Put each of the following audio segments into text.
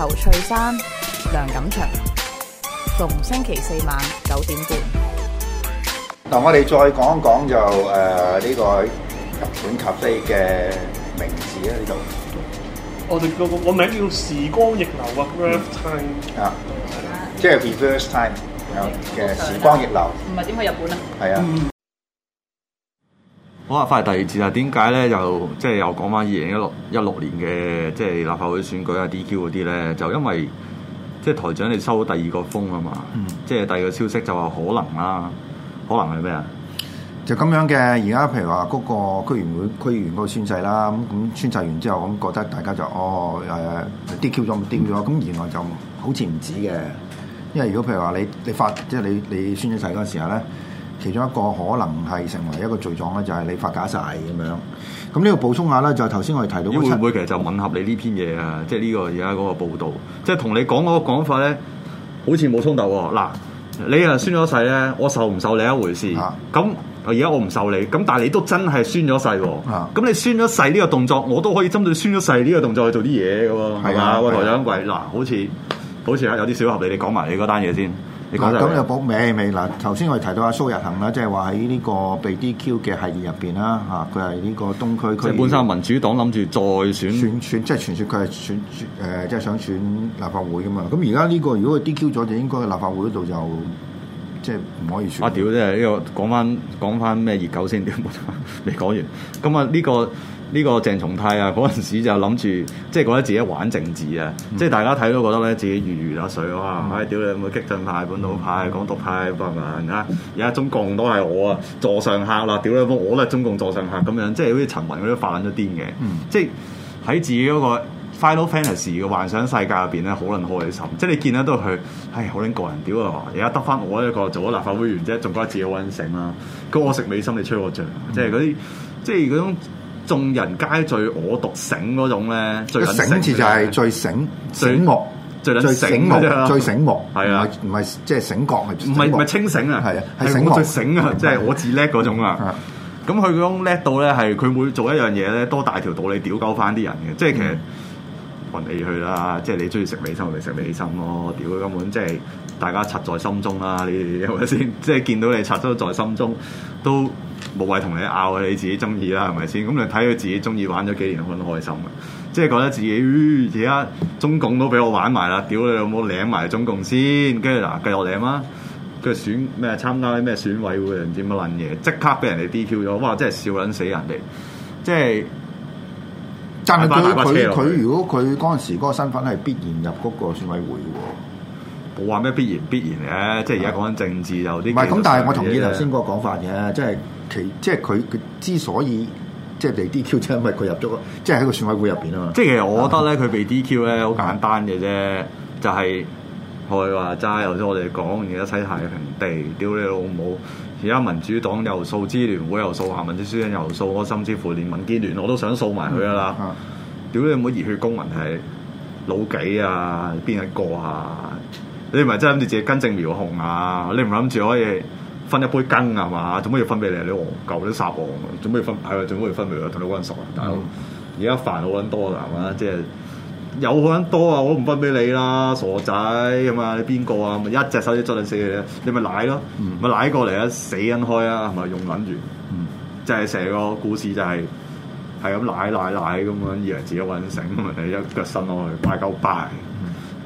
侯翠珊、梁錦祥，逢星期四晚九點半。嗱，我哋再講一講就誒呢個日本咖啡嘅名字咧，就我哋個個名叫時光逆流啊，reverse time 啊，即係 reverse time 嘅時光逆流。唔係點去日本啊？係啊。好啦，返嚟第二節啊，點解咧？就即係又講翻二零一六一六年嘅即係立法會選舉啊，DQ 嗰啲咧，就因為即係台長你收到第二個風啊嘛，嗯、即係第二個消息就話可能啦、啊，可能係咩啊？就咁樣嘅。而家譬如話嗰個區議員會區議員嗰個宣誓啦，咁咁宣誓完之後，咁覺得大家就哦誒 DQ 咗唔 DQ 咗，咁、嗯、原來就好似唔止嘅。因為如果譬如話你你發即係你你，你宣誓嗰陣時候咧。其中一個可能係成為一個罪狀咧，就係、是、你發假誓咁樣。咁呢個補充下咧，就頭、是、先我哋提到會唔會其實就吻合你呢篇嘢啊？即係呢個而家嗰個報導，即係同你講嗰個講法咧，好似冇衝突喎、啊。嗱，你係宣咗誓咧，我受唔受你一回事。咁而家我唔受你、啊，咁但係你都真係宣咗誓喎。咁你宣咗誓呢個動作，我都可以針對宣咗誓呢個動作去做啲嘢嘅喎，係咪？喂，何掌櫃，嗱，好似好似有啲小合理，你講埋你嗰單嘢先。咁又搏命未？嗱，頭先我哋提到阿蘇日恒啦，即係話喺呢個被 D Q 嘅系列入邊啦，嚇佢係呢個東區區。即係本身民主黨諗住再選。選選即係傳説佢係選誒，即係、呃即係、想選立法會噶嘛？咁而家呢個如果佢 D Q 咗，就應該去立法會嗰度就，即係唔可以選。啊屌！即係呢個講翻講翻咩熱狗先？點未講完？咁啊呢個。呢個鄭松泰啊，嗰陣時就諗住，即係覺得自己玩政治啊，mm hmm. 即係大家睇都覺得咧自己如魚得水哇、啊！唉、mm，屌、hmm. 哎、你，冇激進派、本土派、港獨派，乜乜乜，而家、嗯、中共都係我啊，座上客啦、啊！屌你，我都係中共座上客咁、啊啊、樣，即係好似陳雲嗰啲發咗癲嘅，mm hmm. 即係喺自己嗰個 final fantasy 嘅幻想世界入邊咧，好撚開心。即係你見到都係佢，唉、哎，好撚個人，屌你，而家得翻我一個做咗立法會議員啫，仲覺得自己揾醒啦。咁我食美心，你吹我脹，即係嗰啲，即係嗰種 眾人皆醉我獨醒嗰種咧，最醒字就係最醒、最醒目、最醒、最醒目、最醒目，係啊的，唔係即係醒覺係，唔係唔係清醒啊，係啊，係我最醒啊，即係的我自叻嗰種啊。咁佢嗰種叻到咧，係佢會做一樣嘢咧，多大條道理屌鳩翻啲人嘅，的即係其實、嗯。餓你去啦，即係你中意食美心咪食美心咯、啊，屌根本即係大家插在心中啦、啊，你係咪先？即係見到你插咗在心中，都無謂同你拗啊！你自己中意啦，係咪先？咁你睇佢自己中意玩咗幾年，開唔開心啊？即係覺得自己咦，而、呃、家中共都俾我玩埋啦，屌你有冇領埋中共先？跟住嗱，繼續領啦、啊，佢選咩參加啲咩選委會，唔知乜撚嘢，即刻俾人哋 DQ 咗，哇！真係笑撚死人哋，即係。但係佢佢佢如果佢嗰陣時嗰個身份係必然入嗰個選委會喎，冇話咩必然必然嘅。是的 即係而家講緊政治有啲。唔係咁，但係我同意頭先嗰個講法嘅，即係其即係佢佢之所以即係被 DQ，即係因為佢入咗即係喺個選委會入邊啊嘛。即係其實我覺得咧，佢是的 被 DQ 咧好簡單嘅啫，就係可以話齋，頭先我哋講而家洗太平地，屌你老母！而家民主黨又掃支聯會又掃下民主書院又掃，我甚至乎連民建聯我都想掃埋佢啊啦！屌你唔好熱血公民係老幾啊？邊一個啊？你唔係真係諗住自己根正苗紅啊？你唔諗住可以分一杯羹啊嘛？做咩要分俾你？你黃舊啲沙黃，做咩要分？係啊，做咩要分俾你？同你好熟啊！而家煩好撚多啦，係嘛？即係。有好撚多啊，我唔分俾你啦，傻仔，咁啊，你邊個啊？咪一隻手指捉定死你，你咪賴咯，咪賴、嗯、過嚟啊！死撚開啊，係咪？用穩住，嗯、即係成個故事就係係咁賴賴賴咁樣乖乖乖乖，以為自己穩成，你一腳伸落去拜舊拜，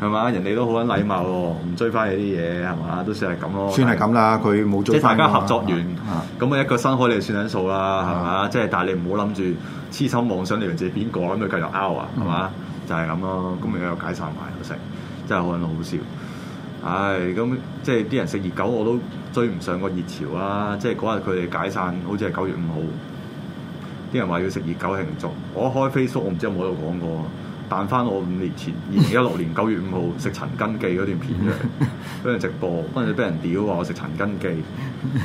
係嘛？人哋都好撚禮貌喎，唔追翻你啲嘢係嘛？都算係咁咯，算係咁啦，佢冇追翻。即係大家合作完，咁啊，啊，啊，啊一腳伸開你就算緊數啦，係嘛？啊、即係但係你唔好諗住痴心妄想，以為自己邊個咁佢繼續 out 啊，係嘛？嗯就係咁咯，咁咪又解散埋又食真係好笑。唉，咁即係啲人食熱狗我都追唔上個熱潮啦。即係嗰日佢哋解散，好似係九月五號。啲人話要食熱狗慶祝，我開 Facebook 我唔知有冇喺度講過。彈翻我五年前二零一六年九月五號食陳根記嗰段片，俾人直播，跟住俾人屌話我食陳根記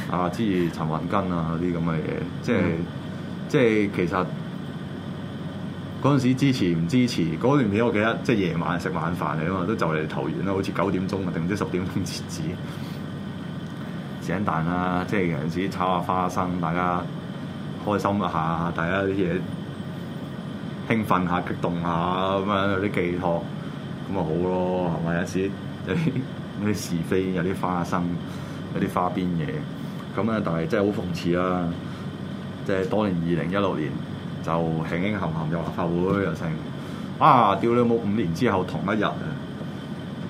啊，之陳雲根啊啲咁嘅嘢，即係、嗯、即係其實。嗰陣時支持唔支持？嗰段片我記得，即係夜晚食晚飯嚟啊嘛，都就嚟投完啦，好似九點鐘啊，定唔知十點鐘截止。食蛋啦，即係有陣時炒下花生，大家開心一下，大家啲嘢興奮下、激動下咁樣有啲寄託，咁咪好咯，係咪有陣時有啲是非，有啲花生，有啲花邊嘢，咁啊但係真係好諷刺啦，即係當年二零一六年。就輕輕含含，又立法會又成。啊！屌你冇五年之後同一日啊！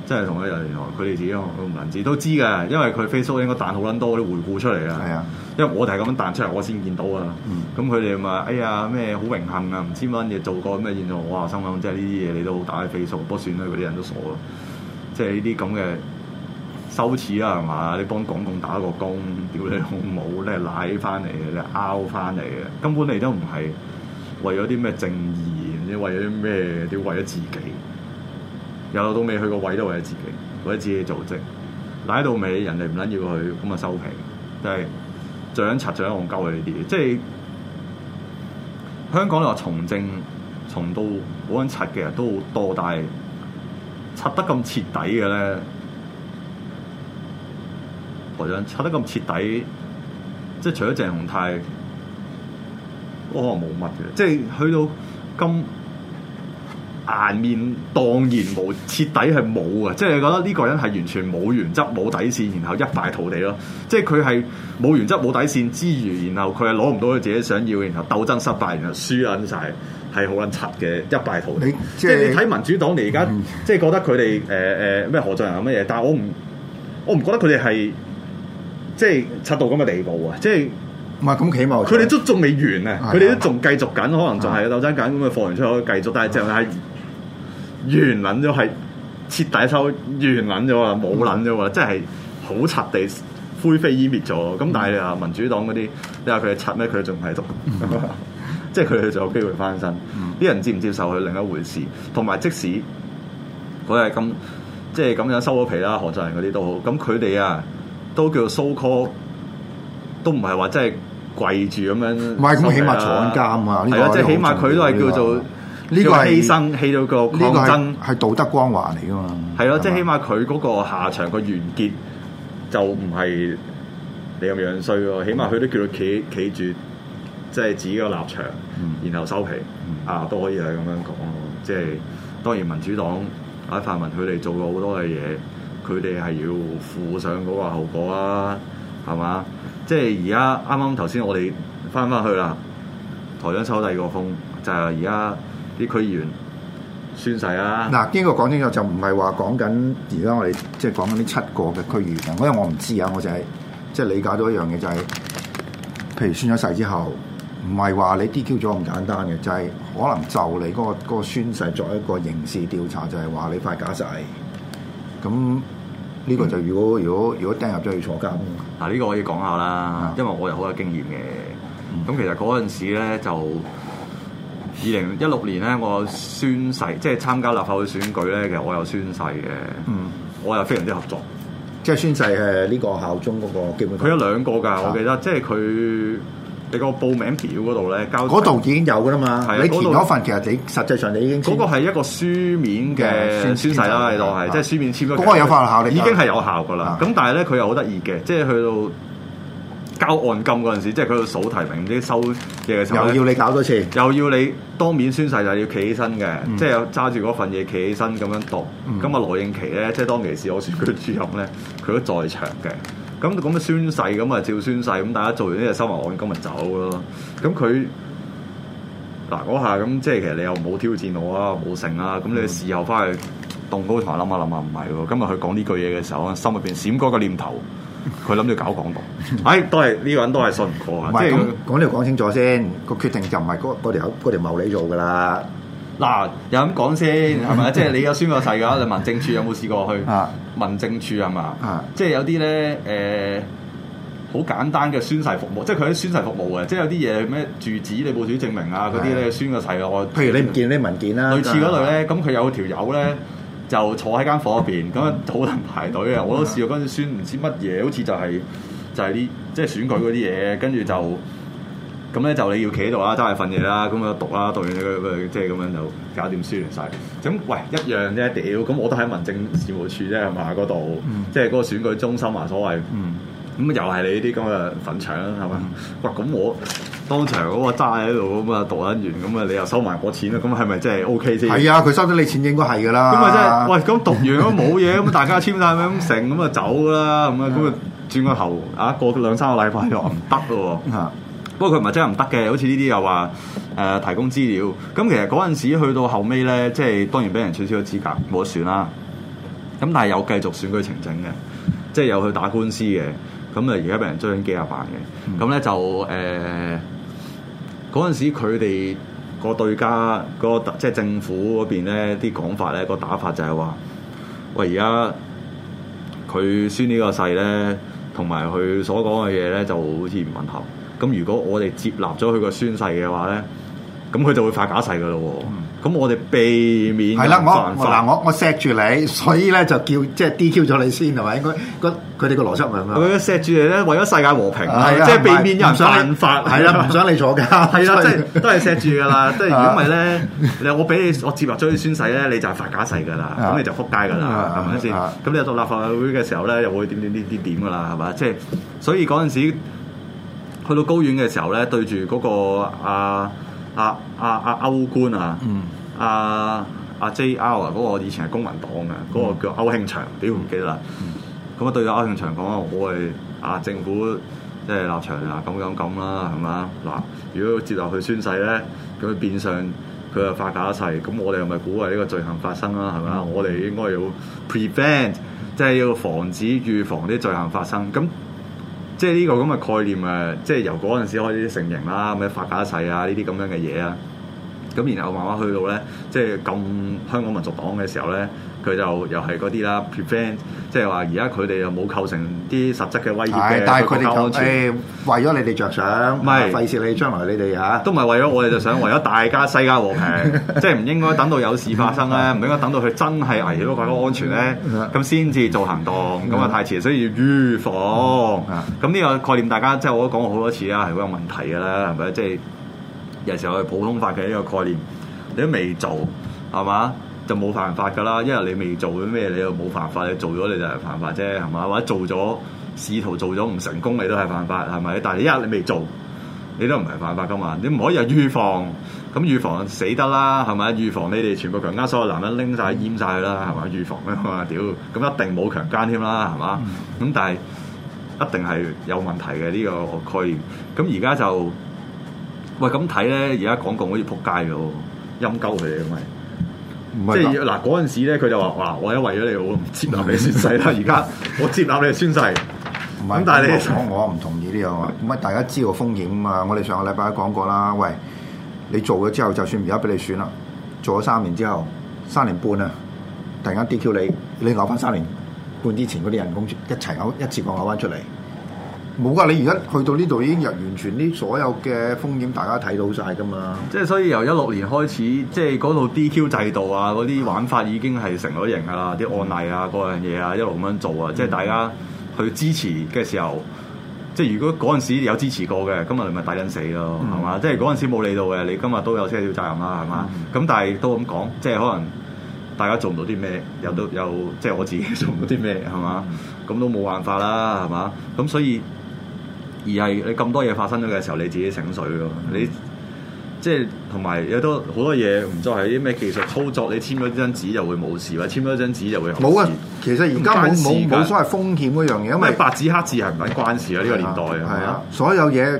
真係同一日佢哋自己都唔能知都知嘅，因為佢 Facebook 應該彈好撚多嗰啲回顧出嚟啦。係啊，因為我係咁樣彈出嚟，我先見到㗎喇。咁佢哋咪，哎呀，咩好榮幸啊？唔知乜嘢做過咩嘢嘢？哇！心諗即係呢啲嘢你都打啲 Facebook，不算啦。嗰啲人都傻咯。即係呢啲咁嘅羞恥啦，係嘛？你幫港共打一個工，屌你冇冇，你拉翻嚟嘅，你拗翻嚟嘅，根本你都唔係。為咗啲咩正義？唔知為咗啲咩？都為咗自己。由頭到尾去個位都為咗自己，為咗自己組織。嚟到尾人哋唔撚要去，咁啊收皮。就係長拆長鳩嘅呢啲，即係香港又從政從到冇人拆嘅人都好多，但係拆得咁徹底嘅咧，我想拆得咁徹底，即係除咗鄭松泰。我冇乜嘅，哦、即係去到咁顏面蕩然無，徹底係冇啊！即係你覺得呢個人係完全冇原則、冇底線，然後一敗塗地咯。即係佢係冇原則、冇底線之餘，然後佢係攞唔到佢自己想要，然後鬥爭失敗，然後輸緊晒係好撚柒嘅一敗塗地。就是、即係你睇民主黨你而家、嗯呃呃，即係覺得佢哋誒誒咩何俊仁，啊乜嘢，但係我唔，我唔覺得佢哋係即係柒到咁嘅地步啊！即係。唔係咁起碼，佢哋都仲未完啊！佢哋都仲繼續緊，可能仲係有鬥爭緊咁啊！放完出嚟繼續，但係之後係完撚咗，係徹底收完撚咗啊！冇撚咗啊！即係好拆地灰飛煙滅咗。咁但係啊，民主黨嗰啲你話佢哋拆咩？佢哋仲喺度，即係佢哋仲有機會翻身。啲人接唔接受佢，另一回事。同埋即使佢係咁即係咁樣收咗皮啦，何俊仁嗰啲都好。咁佢哋啊都叫做 so call，都唔係話即係。跪住咁樣，唔係咁起碼坐監啊！係咯，即係起碼佢都係叫做呢個犧牲，起到個呢個真係道德光環嚟噶嘛？係咯，即係起碼佢嗰個下場個完結就唔係你咁樣衰喎。起碼佢都叫佢企企住，即係自己個立場，然後收皮啊都可以係咁樣講咯。即係當然民主黨或者泛民佢哋做過好多嘅嘢，佢哋係要負上嗰個後果啊！係嘛？即係而家啱啱頭先，剛剛剛剛我哋翻翻去啦，台長抽第二個風，就係而家啲區議員宣誓啦。嗱、啊，呢個講清楚就唔係話講緊而家我哋即係講緊呢七個嘅區議員，因為我唔知啊，我就係即係理解咗一樣嘢，就係、是、譬如宣咗誓之後，唔係話你 DQ 咗咁簡單嘅，就係、是、可能就你嗰、那個那個宣誓作一個刑事調查，就係、是、話你犯假誓咁。呢個就如果如果如果釘入咗去坐監。嗱，呢個可以講下啦，啊、因為我又好有經驗嘅。咁、啊、其實嗰陣時咧，就二零一六年咧，我宣誓，即係參加立法會選舉咧，其實我有宣誓嘅。嗯、啊，我又非常之合作，啊、即係宣誓係呢個效忠嗰個基本。佢有兩個㗎，我記得，啊、即係佢。你個報名表嗰度咧，交嗰度已經有噶啦嘛。你填嗰份，其實你實際上你已經嗰個係一個書面嘅宣誓啦，喺度係，即係書面簽咗。嗰個有法律效力，已經係有效噶啦。咁但係咧，佢又好得意嘅，即係去到交按金嗰陣時，即係佢去數提名、收嘢嘅時候，又要你搞多次，又要你當面宣誓，就要企起身嘅，即係揸住嗰份嘢企起身咁樣讀。咁啊，羅應琪咧，即係當其時我選舉主任咧，佢都在場嘅。咁咁嘅宣誓咁啊，照宣誓咁，大家做完呢就收埋案，今日走咯。咁佢嗱嗰下咁，即係其實你又冇挑戰我啊，冇成啦。咁你事後翻去動高台諗下諗下，唔係喎。今日佢講呢句嘢嘅時候，心入邊閃過個念頭，佢諗住搞港獨。唉、 哎，都係呢、呢個人都係信唔過啊。 即係講你要講清楚先，個決定就唔係嗰嗰條口嗰你做噶啦。嗱，又咁講先，係咪啊？即係你有宣過誓嘅話，你民政處有冇試過去？啊，民政處係嘛？即係有啲咧，誒，好簡單嘅宣誓服務，即係佢啲宣誓服務嘅，即係有啲嘢咩住址、你住址證明啊嗰啲咧宣個誓嘅。我譬如你唔見啲文件啦，類似嗰類咧，咁佢有條友咧就坐喺間房入邊，咁好多人排隊嘅，我都試過跟住宣唔知乜嘢，好似就係就係啲即係選舉嗰啲嘢，跟住就。咁咧就你要企喺度啦，揸住份嘢啦，咁啊讀啦，讀完佢佢即係咁樣就搞掂書完晒。咁喂一樣啫屌，咁我都喺民政事務處啫係嘛，嗰度即係嗰個選舉中心啊所謂。咁、嗯嗯、又係你呢啲咁嘅粉腸係嘛？喂，咁我當場嗰個揸喺度咁啊讀緊完，咁啊你又收埋我錢啦？咁係咪真係 OK 先？係啊，佢收咗你錢應該係㗎啦。咁啊即係，喂咁讀完都冇嘢，咁大家簽晒名，成咁啊走啦，咁啊咁啊轉個頭啊過兩三個禮拜又話唔得咯喎。 不過佢唔係真係唔得嘅，好似呢啲又話誒、呃、提供資料。咁其實嗰陣時去到後尾咧，即係當然俾人取消咗資格，冇得選啦。咁但係有繼續選舉呈請嘅，即係有去打官司嘅。咁啊，而家俾人追緊幾廿萬嘅。咁咧、嗯、就誒嗰陣時佢哋個對家、個即係、就是、政府嗰邊咧啲講法咧、個打法就係、是、話：喂、呃，而家佢宣個呢個誓咧，同埋佢所講嘅嘢咧，就好似唔吻合。咁如果我哋接納咗佢個宣誓嘅話咧，咁佢就會犯假誓噶咯喎。咁我哋避免係啦，我嗱我我錫住你，所以咧就叫即係 DQ 咗你先係咪？應該佢哋個邏輯係咪？佢我錫住你咧，為咗世界和平，即係避免又唔想犯法，係啦，唔想你坐監，係啦，即係都係錫住噶啦。即係如果唔係咧，你我俾你我接納咗啲宣誓咧，你就係犯假誓噶啦，咁你就撲街噶啦，係咪先？咁你入到立法會嘅時候咧，又會點點點點點噶啦，係嘛？即係所以嗰陣時。去到高院嘅時候咧，對住嗰個阿阿阿阿歐官啊，阿阿、mm. 啊啊、J R 啊，嗰、那個以前係公民黨嘅，嗰、那個叫歐慶祥，屌唔記得啦。咁啊、mm. 對住歐慶祥講啊，我係啊政府即係立場啊，咁咁咁啦，係嘛？嗱，如果接落去宣誓咧，咁變相佢又發假誓，咁我哋又咪估係呢個罪行發生啦？係嘛？Mm. 我哋應該要 prevent，即係要防止預防啲罪行發生咁。即係呢個咁嘅概念啊，即係由嗰陣時開始成型啦，咩發假誓啊，呢啲咁樣嘅嘢啊，咁然後慢慢去到咧，即係禁香港民族黨嘅時候咧。佢就又係嗰啲啦，prevent 即係話，而家佢哋又冇構成啲實質嘅威脅嘅，但係佢哋就，哎、為咗你哋着想，唔係費事你將來你哋嚇，都唔係為咗我哋就想， 為咗大家世界和平， 即係唔應該等到有事發生咧，唔 應該等到佢真係危險到國家安全咧，咁先至做行動，咁啊太遲，所以要預防。咁呢 個概念大家即係我都講過好多次啦，係會有問題嘅啦，係咪？即、就、係、是、有時候我哋普通法嘅呢個概念，你都未做，係嘛？就冇犯法噶啦，因為你未做咗咩，你又冇犯法；你做咗你就犯法啫，係嘛？或者做咗試圖做咗唔成功，你都係犯法，係咪？但係一你未做，你都唔係犯法噶嘛？你唔可以預防，咁預防死得啦，係咪？預防你哋全部強姦所有男人，拎晒、淹晒佢啦，係咪？預防啊嘛屌，咁一定冇強姦添啦，係嘛？咁但係一定係有問題嘅呢、這個概念。咁而家就喂咁睇咧，而家廣告好似撲街嘅喎，陰鳩佢啊，因為。即係嗱，嗰陣時咧，佢就話，哇！我而家為咗你，我唔接納你宣誓啦。而家 我接納你宣誓。唔係是，咁但係你講我唔同意呢樣啊。咁啊，大家知道風險嘛。我哋上個禮拜都講過啦。喂，你做咗之後，就算而家俾你選啦，做咗三年之後，三年半啊，突然間 DQ 你，你攞翻三年半之前嗰啲人工一齊一次過攞翻出嚟。冇噶、啊，你而家去到呢度已經入完全啲所有嘅風險，大家睇到晒噶嘛。即係所以由一六年開始，即係嗰度 DQ 制度啊，嗰啲玩法已經係成咗型噶啦，啲案例啊，嗰、嗯、樣嘢啊，一路咁樣做啊。即係大家去支持嘅時候，即係如果嗰陣時有支持過嘅，今日你咪抵緊死咯，係嘛、嗯？即係嗰陣時冇理到嘅，你今日都有些少責任啦，係嘛？咁、嗯、但係都咁講，即係可能大家做唔到啲咩，又都有，有，即係我自己做唔到啲咩，係嘛？咁都冇辦法啦，係嘛？咁所以。而係你咁多嘢發生咗嘅時候，你自己醒水咯。你即係同埋有都好多嘢唔再係啲咩技術操作，你簽咗張紙就會冇事，或者簽咗張紙就會冇。冇啊！其實而家冇冇冇所謂風險嗰樣嘢，因為，因為白紙黑字係唔緊關事啊！呢個年代係啊，啊啊所有嘢，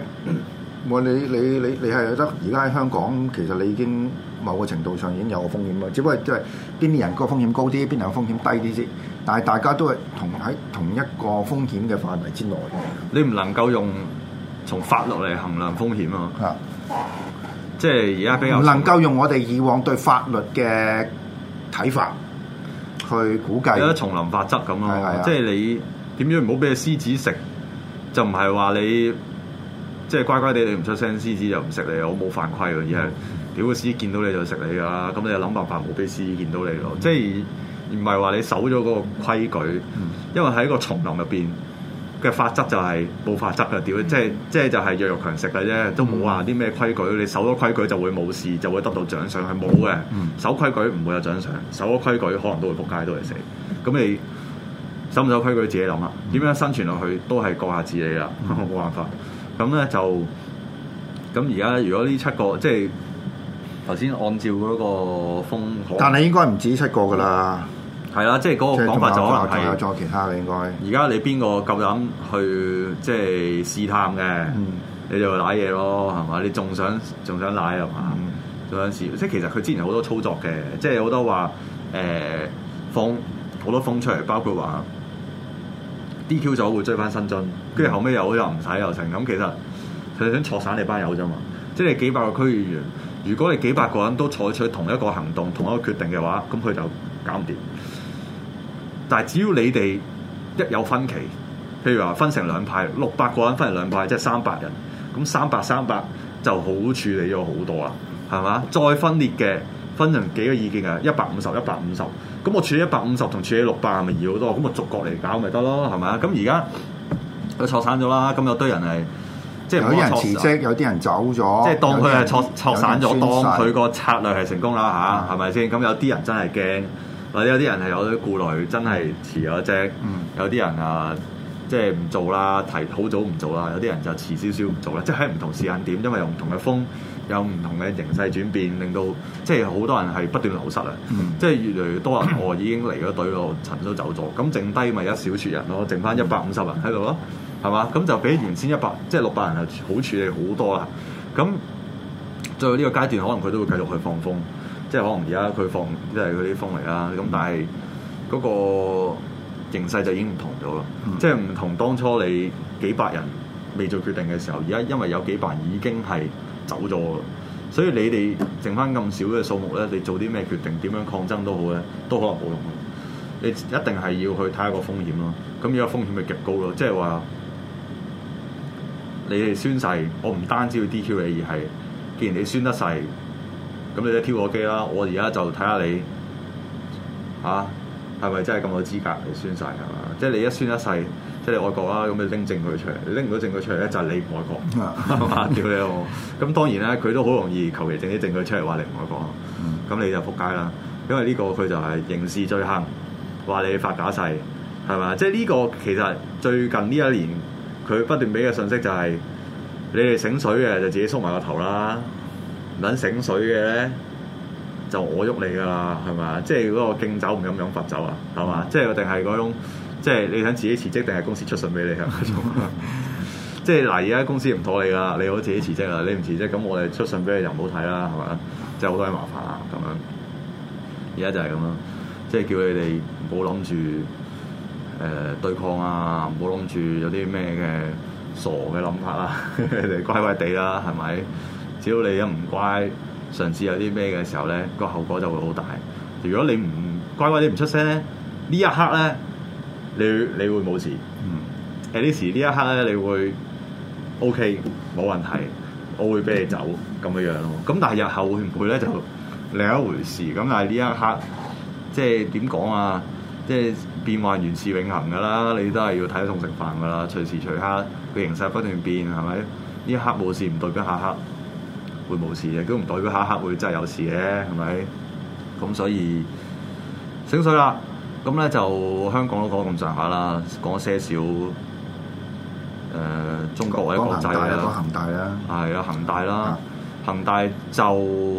我、嗯、你你你你係得而家喺香港，其實你已經。某個程度上已經有個風險咯，只不過即係邊啲人個風險高啲，邊人個風險低啲先，但係大家都係同喺同一個風險嘅範圍之內。你唔能夠用從法律嚟衡量風險啊！啊即係而家比較唔能夠用我哋以往對法律嘅睇法去估計。依家叢林法則咁啊嘛！啊啊即係你點樣唔好俾獅子食，就唔係話你即係、就是、乖乖地你唔出聲，獅子又唔食你。我冇犯規㗎，而係。屌嘅獅見到你就食你㗎啦，咁你就諗辦法冇俾獅見到你咯。即係唔係話你守咗嗰個規矩，嗯、因為喺個叢林入邊嘅法則就係冇法則嘅，屌、嗯！即係即係就係弱肉強食嘅啫，都冇話啲咩規矩。嗯、你守咗規矩就會冇事，就會得到獎賞，係冇嘅。守規矩唔會有獎賞，守咗規矩可能都會仆街，都會死。咁你守唔守規矩自己諗啦。點樣生存落去都係各下自理啦，冇、嗯、辦法。咁咧就咁而家如果呢七個即係。頭先按照嗰個風，但係應該唔止七個㗎啦。係啦，即係嗰個講法就可能係仲仲有其他嘅應該。而家你邊個夠膽去即係試探嘅、嗯？你就瀨嘢咯，係嘛？你仲想仲想攋係嘛？仲想試？即係其實佢之前好多操作嘅，即係好多話誒、呃、放好多風出嚟，包括話 DQ 咗會追翻新津。跟住、嗯、後尾又好又唔使又成咁。其實佢哋想坐散你班友啫嘛。即係幾百個區議員。如果你幾百個人都採取同一個行動、同一個決定嘅話，咁佢就搞唔掂。但係只要你哋一有分歧，譬如話分成兩派，六百個人分成兩派，即係三百人，咁三百三百就好處理咗好多啦，係嘛？再分裂嘅，分成幾個意見啊，一百五十、一百五十，咁我處理一百五十同處理六百咪易好多，咁咪逐個嚟搞咪得咯，係咪？咁而家佢錯散咗啦，咁有堆人係。即係有啲人辭職，有啲人走咗。即係當佢係錯錯散咗，當佢個策略係成功啦吓，係咪先？咁有啲人真係驚，嗱，有啲人係有啲顧慮，真係辭咗職。嗯、有啲人啊，即係唔做啦，提好早唔做啦。有啲人就遲少少唔做啦。即係喺唔同時間點，因為有唔同嘅風，有唔同嘅形勢轉變，令到即係好多人係不斷流失啊。即係、嗯、越嚟越多，人， 我已經嚟咗隊，我人都走咗，咁剩低咪一小撮人咯，剩翻一百五十人喺度咯。嗯 係嘛？咁就比原先一百即係六百人係好處理好多啦。咁最後呢個階段，可能佢都會繼續去放風，即係可能而家佢放即係嗰啲風嚟啦。咁但係嗰個形勢就已經唔同咗咯。即係唔同當初你幾百人未做決定嘅時候，而家因為有幾百人已經係走咗，所以你哋剩翻咁少嘅數目咧，你做啲咩決定、點樣抗爭都好咧，都可能冇用。你一定係要去睇下個風險咯。咁而家風險咪極高咯，即係話。你哋宣誓，我唔單止要 DQ 你，而係，既然你宣得誓，咁你都挑我機啦。我而家就睇下你，啊，係咪真係咁有資格嚟宣誓啊？係嘛？即係你一宣一誓，即係你愛國啦，咁你拎證據出嚟，你拎唔到證據出嚟咧，就係、是、你唔愛國，屌你老母。咁當然啦，佢都好容易求其整啲證據出嚟話你唔愛國。咁 你就撲街啦，因為呢個佢就係刑事罪行，話你發假誓，係嘛？即係呢個其實最近呢一年。佢不斷俾嘅信息就係、是：你哋醒水嘅就自己縮埋個頭啦，唔等醒水嘅咧就我喐你噶啦，係嘛？即係嗰個敬酒唔飲，飲罰酒啊，係嘛？即係定係嗰種，即係你想自己辭職定係公司出信俾你啊？嗰種 即係嗱，而家公司唔妥你噶，你好自己辭職啊！你唔辭職咁，我哋出信俾你就唔好睇啦，係嘛？即係好多嘢麻煩啊，咁樣而家就係咁樣，即係叫你哋唔好諗住。誒、呃、對抗啊！唔好諗住有啲咩嘅傻嘅諗法啦、啊， 你乖乖哋啦，係咪？只要你一唔乖，上次有啲咩嘅時候咧，個後果就會好大。如果你唔乖乖哋唔出聲咧，呢一刻咧，你你會冇事。嗯，喺呢時呢一刻咧，你會，OK，冇問題，我會俾你走咁嘅樣咯。咁但係日後會唔會咧就另一回事。咁但係呢一刻，即係點講啊？即係變幻原是永恆㗎啦！你都係要睇餸食飯㗎啦，隨時隨刻，個形勢不斷變，係咪？呢一刻冇事唔代表下一刻會冇事嘅，都唔代表下一刻會真係有事嘅，係咪？咁所以醒水啦，咁咧就香港都講咁上下啦，講些少誒、呃、中國嘅國際啦。恒大啦，恒大啦，係啊，恒大就。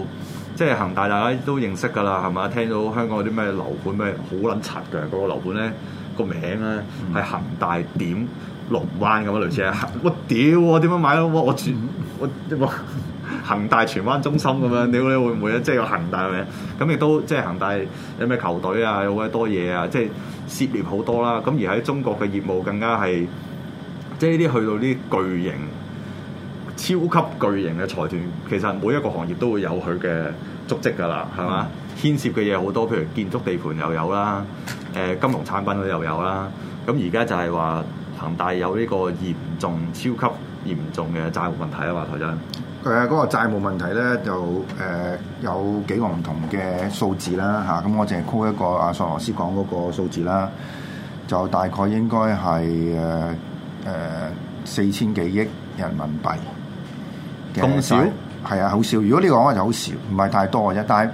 即係恒大，大家都認識㗎啦，係嘛？聽到香港啲咩樓盤咩好撚柒㗎，嗰個樓盤咧個名咧係恒大點龍灣咁樣，類似啊！我屌，點樣買啊？我全我我恒大荃灣中心咁樣，你會唔會啊？即係有恒大嘅名，咁亦都即係恒大有咩球隊啊，有好多嘢啊，即係涉獵好多啦。咁而喺中國嘅業務更加係，即係呢啲去到呢啲巨型。超級巨型嘅財團，其實每一個行業都會有佢嘅足跡㗎啦，係嘛？嗯、牽涉嘅嘢好多，譬如建築地盤又有啦，誒、呃、金融產品又有啦。咁而家就係話恒大有呢個嚴重、超級嚴重嘅債務問題啊，華台長。誒、嗯，嗰、那個債務問題咧就誒、呃、有幾個唔同嘅數字啦，嚇、啊。咁我淨係 call 一個阿、啊、索羅斯講嗰個數字啦，就大概應該係誒誒四千幾億人民幣。咁少，係啊，好少。如果呢個講話就好少，唔係太多嘅啫。但係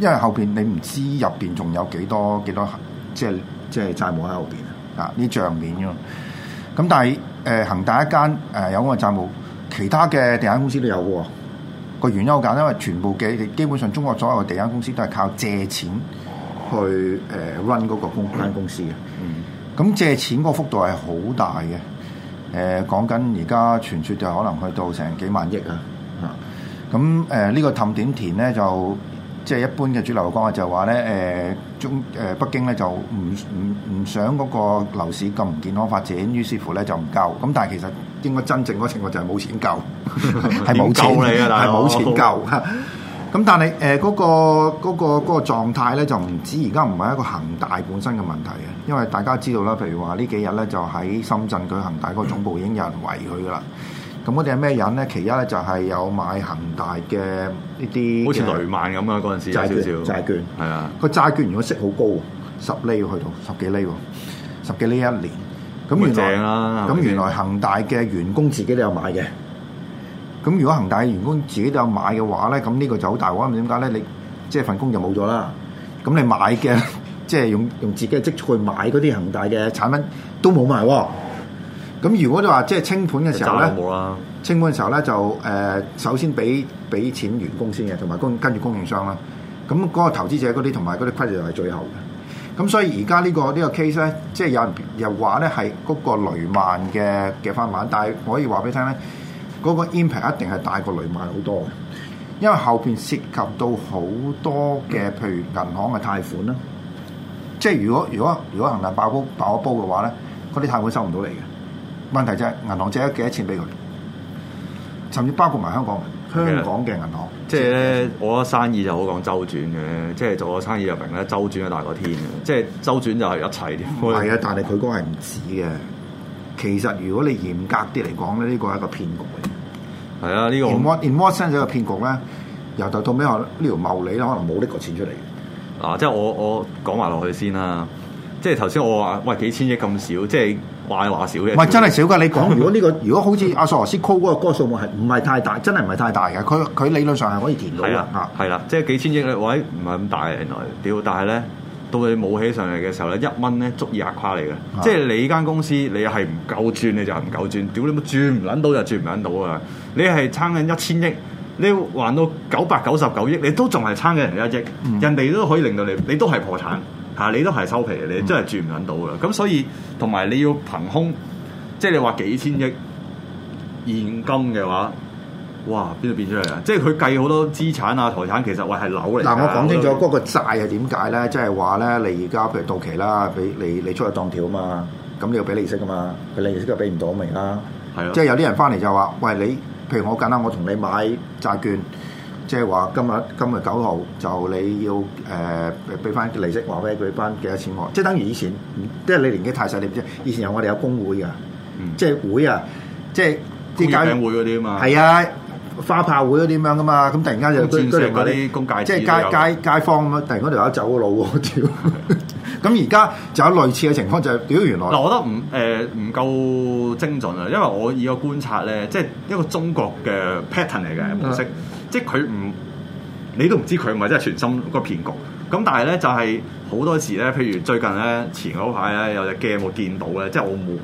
因為後邊你唔知入邊仲有幾多幾多，即係即係債務喺後邊啊！呢帳面嘅。咁但係誒、呃，恒大一間誒、呃、有咁嘅債務，其他嘅地產公司都有嘅喎。個原因好簡單，因為全部嘅基本上中國所有嘅地產公司都係靠借錢去誒、呃、run 嗰個公間公司嘅。嗯。咁借錢嗰個幅度係好大嘅。誒講緊而家傳説就可能去到成幾萬億啊！咁誒呢個氹點填咧？就即係一般嘅主流嘅講法，就話咧誒中誒北京咧就唔唔唔想嗰個樓市咁唔健康發展，於是乎咧就唔夠。咁但係其實應該真正嗰個情況就係冇錢救，係冇錢嚟啊，大佬，係冇錢救。咁但係誒嗰個嗰個嗰個狀態咧就唔止而家唔係一個恒大本身嘅問題嘅，因為大家知道啦，譬如話呢幾日咧就喺深圳佢恒大嗰個總部已經有人圍佢噶啦。咁我哋係咩人咧？其一咧就係有買恒大嘅呢啲，好似雷曼咁啊嗰陣時，債少少債券係啊。個債券如果息好高啊，十厘去到十幾厘喎，十幾厘一年。咁原來咁啊原來恒大嘅員工自己都有買嘅。咁如果恒大嘅員工自己都有買嘅話咧，咁呢個就好大鑊。點解咧？你即係份工就冇咗啦。咁你買嘅即係用用自己嘅積蓄去買嗰啲恒大嘅產品都冇埋。咁、嗯、如果你話即係清盤嘅時候咧，有有清盤嘅時候咧就誒、呃，首先俾俾錢員工先嘅，同埋供跟住供應商啦。咁嗰個投資者嗰啲同埋嗰啲規則就係最後嘅。咁所以而家呢個呢、呢個 case 咧，即係有人又話咧係嗰個雷曼嘅嘅翻版，但係可以話俾你聽咧。嗰個 impact 一定係大過雷曼好多嘅，因為後邊涉及到好多嘅，譬如銀行嘅貸款啦。即係如果如果如果恒大爆煲爆咗煲嘅話咧，嗰啲貸款收唔到嚟嘅。問題就係銀行借咗幾多錢俾佢，甚至包括埋香港，的香港嘅銀行。的即係是咧，我覺得生意就好講周轉嘅，即係做咗生意入面咧，周轉都大過天嘅。即係周轉就係一齊添。係啊，但係佢嗰個係唔止嘅。其實如果你嚴格啲嚟講咧，呢個係一個騙局嘅。係啊，呢、呢個。In more in more sense，一個騙局咧，由頭到尾，可能呢條謀利咧，可能冇呢個錢出嚟。啊，即係我我講埋落去先啦。即係頭先我話喂幾千億咁少，即係話話少嘅。唔係真係少㗎，你講 如果呢、呢個如果好似阿、啊、索羅斯 call 嗰個個數，我係唔係太大？真係唔係太大嘅。佢佢理論上係可以填到嘅。係啦、啊，啦、啊啊，即係幾千億咧喂唔係咁大原來。屌，但係咧。到你冇起上嚟嘅時候咧，一蚊咧足以壓垮你嘅，啊、即係你間公司你係唔夠轉你就唔夠轉，屌你都轉唔撚、啊、到就轉唔撚到啊！你係差緊一千億，你還到九百九十九億，你都仲係差緊人一億，嗯、人哋都可以令到你，你都係破產嚇，你都係收皮，你真係轉唔撚到嘅。咁、嗯、所以同埋你要憑空，即係你話幾千億現金嘅話。哇！邊度變出嚟啊？即係佢計好多資產啊、財產，其實喂係樓嚟。嗱，我講清楚嗰個債係點解咧？即係話咧，你而家譬如到期啦，俾你你，你出去當條啊嘛，咁你要俾利息噶嘛？佢利息佢俾唔到啊，啦。而家係即係有啲人返嚟就話：喂，你譬如我簡單，我同你買債券，即係話今，今日今日九號就你要誒誒俾翻利息，話俾佢俾翻幾多錢我？即係等於以前，即係你年紀太細，你唔知。以前我有我哋有公會啊，即係會啊，即係會餅會嗰啲啊嘛。係啊。花炮會嗰啲咁樣噶嘛，咁突然間就都都嗰啲公介，即係街街街坊咁咯。突然間條友走個路喎，屌！咁而家就有類似嘅情況，就屌、是、原來嗱，我覺得唔誒唔夠精準啊，因為我以個觀察咧，即係一個中國嘅 pattern 嚟嘅模式，啊、即係佢唔你都唔知佢唔係真係全心個騙局。咁但係咧就係好多時咧，譬如最近咧前嗰排咧有隻 game 我見到咧，即係我冇。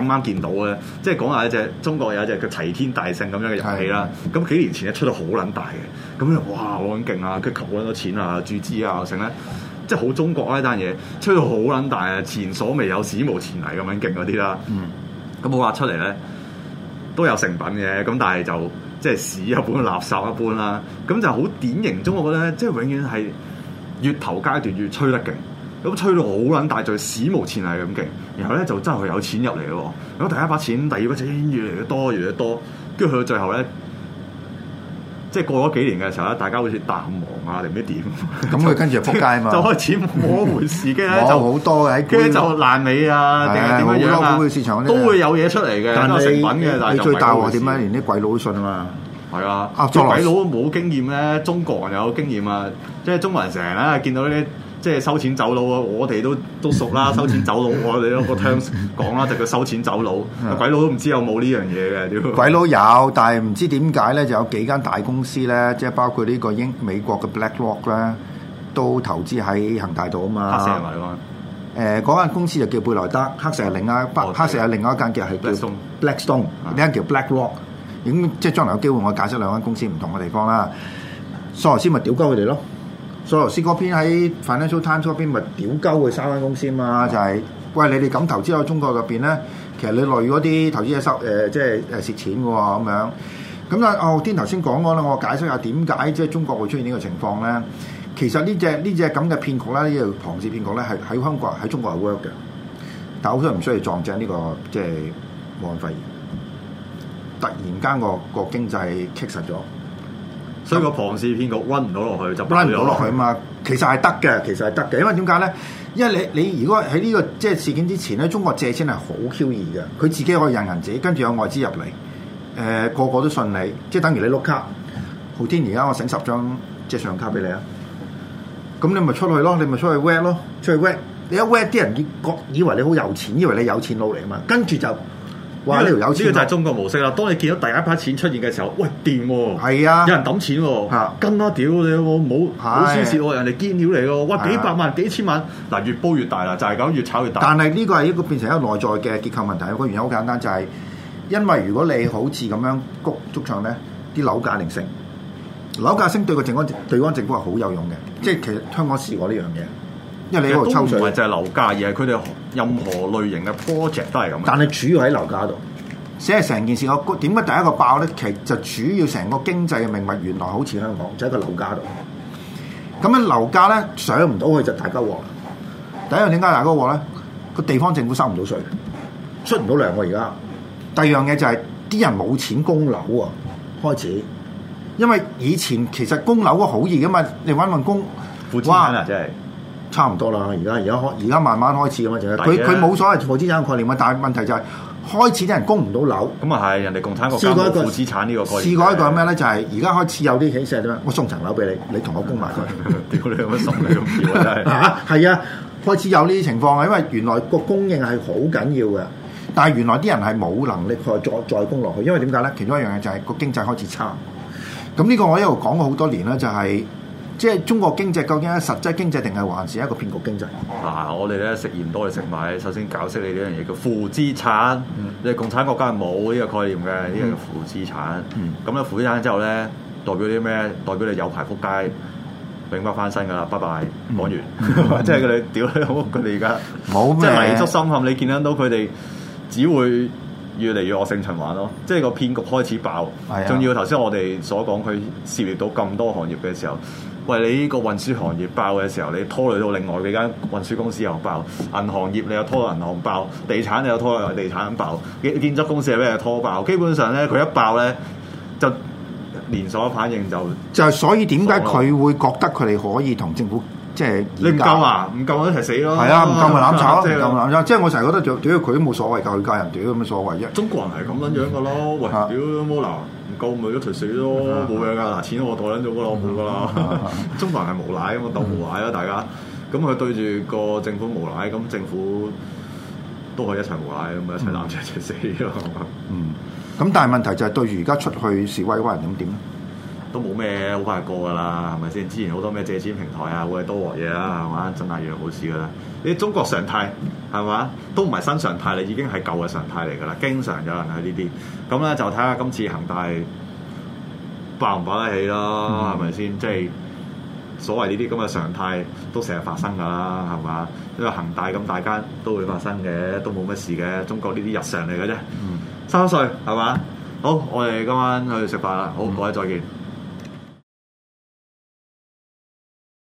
咁啱見到咧，即係講下一隻中國有一隻叫齊天大聖咁樣嘅遊戲啦。咁幾年前咧出到好撚大嘅，咁咧哇好撚勁啊！佢求好多錢啊，注資啊，成咧即係好中國呢單嘢，吹到好撚大啊，前所未有、史無前例咁樣勁嗰啲啦。咁、嗯、我話出嚟咧都有成品嘅，咁但係就即係屎一般、垃，垃圾一般啦。咁就好典型，中國覺得咧即係永遠係越頭階段越吹得勁。咁吹到好撚大，仲史無前例咁勁，然後咧就真係有錢入嚟咯。咁第一把錢，第二把錢越嚟越多，越嚟越多，跟住去到最後咧，即係過咗幾年嘅時候咧，大家好似淡忘啊定唔知點，咁佢跟住撲街嘛，就開始冇一回事嘅咧，就好多嘅，跟住就爛尾啊，定係點樣啊？市場都會有嘢出嚟嘅，但係食品嘅，但係最大鑊。點解連啲鬼佬都信啊？係啊，做鬼佬冇經驗咧，中國人有經驗啊，即係中國人成日咧見到呢啲。即係收錢走佬啊！我哋都都熟啦，收錢走佬，我哋都 t 我聽講啦，就叫收錢走佬。鬼佬 都唔知有冇呢樣嘢嘅，屌鬼佬有，但係唔知點解咧，就有幾間大公司咧，即係包括呢個英美國嘅 Black Rock 咧，都投資喺恒大度啊嘛，黑石啊嘛。誒、呃，嗰間公司就叫貝萊德，黑石係另外，黑黑石係另外一，另一間叫係 Blackstone，呢一間叫 Black Rock。咁、嗯、即係將來有機會我解釋兩間公司唔同嘅地方啦。蘇豪先咪屌鳩佢哋咯。索羅斯嗰邊喺 Financial Times 嗰邊咪屌鳩佢三間公司吖嘛？嗯、就係、是、喂，你哋咁投資喺中國入邊咧，其實你內嗰啲投資者收誒即係誒蝕錢嘅喎咁樣。咁、哦、啦，阿浩天頭先講咗啦，我解釋下點解即係中國會出現呢個情況咧。其實呢隻呢隻咁嘅騙局啦，呢個龐氏騙局咧，係喺香港喺中國係 work 嘅，但好多人唔需要撞正呢、這個即係、就是、武肺炎。突然間、那個、那個經濟棘實咗。所以個龐氏騙局 run 唔到落去，就拉唔到落去啊嘛其！其實係得嘅，其實係得嘅，因為點解咧？因為你你如果喺呢、這個即係事件之前咧，中國借錢係好 Q 易嘅，佢自己可以印銀紙，跟住有外資入嚟，誒、呃、個個都信你，即係等於你碌卡。浩天而家我整十張借信用卡俾你啊！咁你咪出去咯，你咪出去 wear 咯，出去 wear！你一 wear 啲人以覺以為你好有錢，以為你有錢佬嚟啊嘛，跟住就。呢條、這個、哇有錢，主要就係中國模式啦。當你見到第一批錢出現嘅時候，喂掂，係啊，啊有人抌錢喎、啊，啊、跟多屌你、啊，我冇冇輸蝕，啊、人哋堅料你咯，哇，幾百萬、幾千萬，嗱、啊，越煲越大啦，就係、是、咁，越炒越大。但係呢個係一個變成一個內在嘅結構問題，個原因好簡單，就係、是、因為如果你好似咁樣谷足場咧，啲樓價升，樓價升對個政安對安政府係好有用嘅，即係其實香港試過呢樣嘢。因為你為抽水唔係就係樓價，而係佢哋任何類型嘅 project 都係咁。但係主要喺樓價度，即係成件事我點解第一個爆咧？其實就主要成個經濟嘅命脈，原來好似香港就喺一個樓價度。咁樣樓價咧上唔到去就大家鑊。第一樣點解大家鑊咧？個地方政府收唔到稅，出唔到糧。我而家第二樣嘢就係啲人冇錢供樓啊，開始。因為以前其實供樓嘅好易噶嘛，你揾份工，負資啊，哇！真係。差唔多啦，而家而家開而家慢慢開始咁嘛。仲佢佢冇所謂負資產概念嘛。但係問題就係、是、開始啲人供唔到樓。咁啊，係，人哋共產國試過一個負資產呢個概念。試過一個咩咧？就係而家開始有啲起勢點啊，我送層樓俾你，你同我供埋佢。屌你有乜送你咁屌係嚇啊！開始有呢啲情況啊，因為原來個供應係好緊要嘅，但係原來啲人係冇能力再再供落去，因為點解咧？其中一樣嘢就係個經濟開始差。咁呢個我一路講過好多年啦，就係、是。即係中國經濟究竟係實質經濟定係還是一個騙局經濟？嗱、啊，我哋咧食鹽多就食米。首先搞識你呢樣嘢叫負資產。嗯，你共產國家係冇呢個概念嘅，呢個、嗯、叫負資產。嗯，咁咧負資產之後咧，代表啲咩？代表你有排撲街，永不翻身噶啦！拜拜，講完，嗯、 即係佢哋屌佢好，佢哋而家冇咩，即係泥足深陷。你見得到佢哋，只會越嚟越惡性循環咯。即係個騙局開始爆，仲要頭先我哋所講佢涉獵到咁多行業嘅時候。喂！你呢個運輸行業爆嘅時候，你拖累到另外幾間運輸公司又爆；銀行業你又拖銀行爆；地產你又拖累地產爆；建建築公司又咩拖爆。基本上咧，佢一爆咧，就連鎖反應就就係所以點解佢會覺得佢哋可以同政府？即係你唔夠啊？唔夠就一齊死咯！係啊，唔夠咪攬炒咯！即係我成日覺得，屌佢都冇所謂，教佢教人屌有乜所謂啫。中國人係咁樣樣嘅咯。喂，屌冇拿唔夠咪一齊死咯，冇嘢噶嗱，錢我袋緊咗啦，我冇噶啦。中國人係無賴啊嘛，鬥無賴啊，大家咁佢對住個政府無賴，咁政府都係一齊無賴咁，咪一齊攬住一齊死咯。嗯，咁但係問題就係對住而家出去示威嗰人咁點咧？都冇咩好快過噶啦，係咪先？之前好多咩借錢平台啊，會係多鑊嘢啦，係嘛？真係樣好事噶啦。你中國常態係嘛都唔係新常態啦，已經係舊嘅常態嚟噶啦。經常有人喺呢啲咁咧，就睇下今次恒大爆唔爆得起咯，係咪先？嗯、即係所謂呢啲咁嘅常態都成日發生噶啦，係嘛？因為恒大咁大間都會發生嘅，都冇乜事嘅。中國呢啲日常嚟嘅啫。嗯、三歲係嘛？好，我哋今晚去食飯啦。好，各位再見。嗯